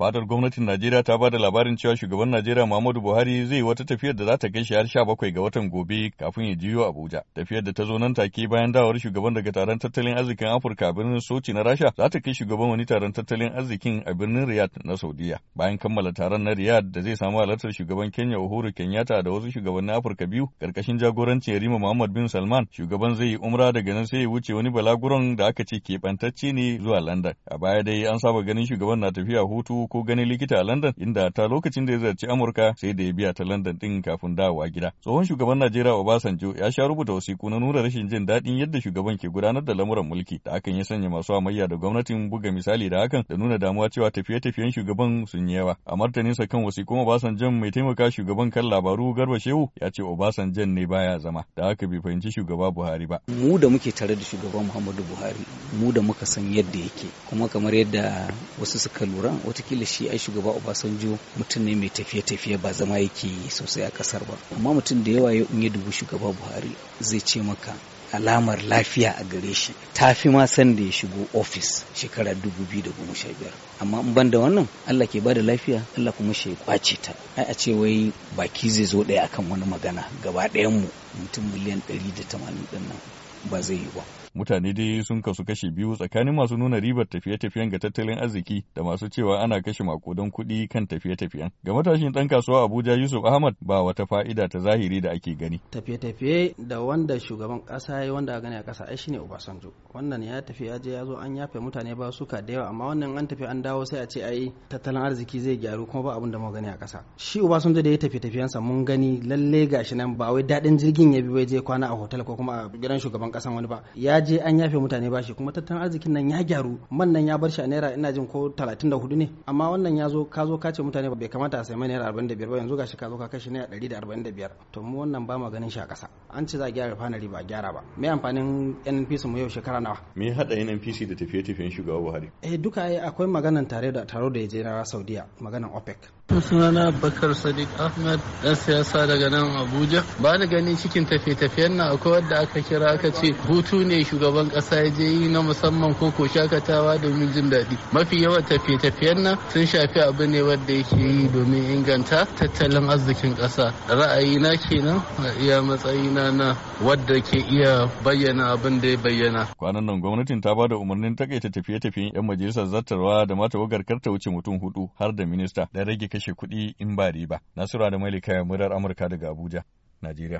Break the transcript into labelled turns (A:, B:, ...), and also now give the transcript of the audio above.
A: Fadar gwamnatin Najeriya ta bada labarin cewa shugaban Najeriya Muhammadu Buhari zai wata tafiyar da za ta kai shi har sha ga watan gobe kafin ya jiyo Abuja. Tafiyar da ta zo nan take bayan dawar shugaban daga taron tattalin arzikin Afirka a birnin Sochi na Rasha za ta kai shugaban wani taron tattalin arzikin a birnin Riyadh na Saudiya. Bayan kammala taron na Riyadh da zai samu halartar shugaban Kenya Uhuru Kenyatta da wasu shugabannin Afirka biyu karkashin jagorancin Yarima Muhammad bin Salman shugaban zai yi umra daga nan sai ya wuce wani balaguron da aka ce keɓantacce ne zuwa London. A baya dai an saba ganin shugaban na tafiya hutu ko ganin likita a London inda ta lokacin da ya zarci Amurka sai da ya biya ta London din kafin dawowa gida. Tsohon shugaban Najeriya Obasanjo ya sha rubuta wasiku na nuna rashin jin daɗin yadda shugaban ke gudanar da lamuran mulki da hakan ya sanya masu amayya da gwamnatin buga misali da hakan da nuna damuwa cewa tafiye-tafiyen shugaban sun yi yawa. A martaninsa kan wasiku Obasanjo mai taimaka shugaban kan labaru Garba Shehu ya ce Obasanjo ne baya zama da haka bai fahimci shugaba Buhari ba. Mu da muke tare da shugaban Muhammadu
B: Buhari mu da muka san yadda yake kuma kamar yadda wasu suka lura watakila kila shi ai shugaba Obasanjo mutum ne mai tafiye-tafiye ba zama yake yi sosai a kasar ba amma mutum da yawa ya unye dubu shugaba Buhari zai ce maka alamar lafiya a gare shi ta fi ma san da ya shigo ofis shekara biyar amma in ban da wannan Allah ke bada lafiya Allah kuma shi kwace ta ai a ce wai baki zai zo ɗaya akan wani magana gaba ɗayan mu mutum miliyan 180 ɗin nan ba zai yi ba
A: Mutane dai sun kasu kashe biyu tsakanin masu nuna ribar tafiye-tafiyen ga tattalin arziki da masu cewa ana kashe makudan kuɗi kan tafiye-tafiyen. Ga matashin dan kasuwa Abuja Yusuf Ahmad ba wata fa'ida ta zahiri da ake gani.
C: Tafiye-tafiye da wanda shugaban kasa ya yi wanda gani a ƙasa ai shine Obasanjo. Wannan ya tafi ya je ya zo an yafe mutane ba suka da yawa amma wannan an tafi an dawo sai a ce ai tattalin arziki zai gyaru kuma ba abin da mu gani a kasa Shi Obasanjo da ya tafi sa mun gani lalle gashi nan ba wai daɗin jirgin ya bi wai je kwana a hotel ko kuma a gidan shugaban ƙasan wani ba. Ya je an yafe mutane bashi kuma tattalin arzikin nan ya gyaru man nan ya bar shi a naira ina jin ko 34 ne amma wannan ya zo ka zo ka ce mutane bai kamata a sayi naira 45 ba yanzu gashi ka zo ka kashe naira 145 to mu wannan ba ma ganin shi a kasa an ce za a gyara refinery ba gyara ba me amfanin NNPC mu yau shekara nawa
A: me ya hada NNPC da tafiye-tafiyen shugaba Buhari
C: eh duka akwai maganan tare da taro da ya je na Saudiya maganan OPEC
D: sunana bakar sadiq ahmed dan siyasa daga nan abuja ba da ganin cikin tafiye-tafiyen nan akwai wadda aka kira aka ce hutu ne shugaban kasa ya je yi na musamman ko ko shakatawa domin jin daɗi mafi yawan tafiye-tafiyen na sun shafi abu ne wadda yake yi domin inganta tattalin arzikin ƙasa ra'ayi na kenan a iya matsayina na wadda ke iya bayyana abin da ya bayyana
A: kwanan nan gwamnatin ta bada umarnin takaita tafiye-tafiyen yan majalisar zartarwa da mata wagar karta wuce mutum hudu har da minista da rage kashe kuɗi in ba riba. Adamu Ali Malika murar Amurka daga Abuja, Najeriya.